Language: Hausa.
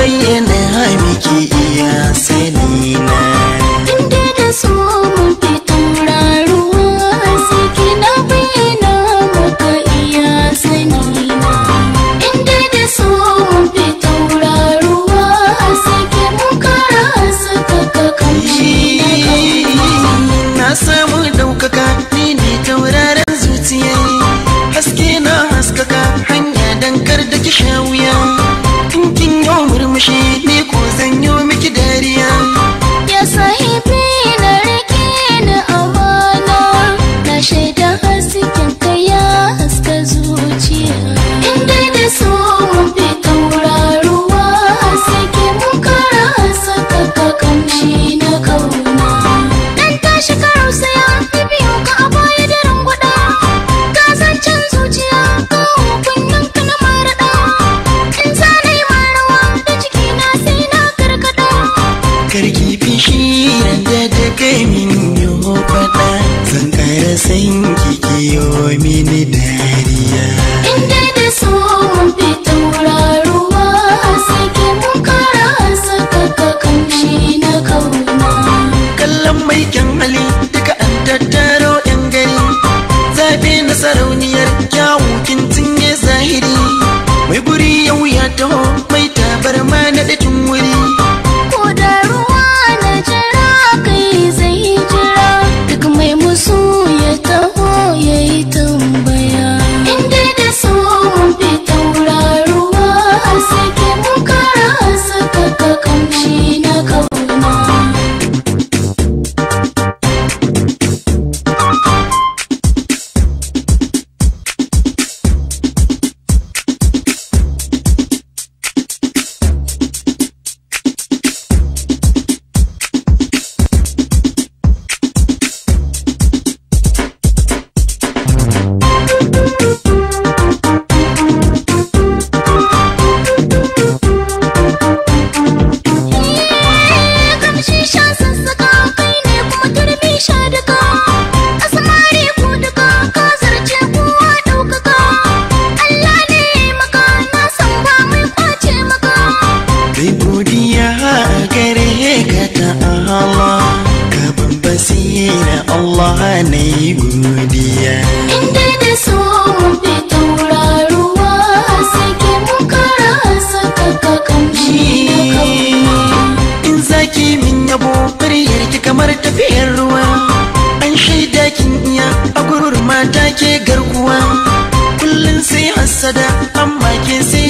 bayyana miki iya sani na inda da su mun fito raruwa sai kina bayyana maka iya sani na inda da su mun fito raruwa sai ke mun kara suka ka kamshi na samu daukaka ni ne tauraron zuciya haske na haskaka hanya dankar da ki machine. mini dariya inda da so na Allah na yi godiya inda da so mun fito ruwa sake muka rasa ka kamshi in zaki min yabo muryar ki kamar tafiyar ruwa an shaida kin iya a gurur mata ke garkuwa kullum sai hasada amma ke sai